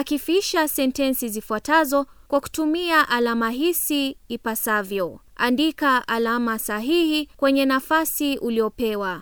akifisha sentensi zifuatazo kwa kutumia alama hisi ipasavyo. Andika alama sahihi kwenye nafasi uliopewa.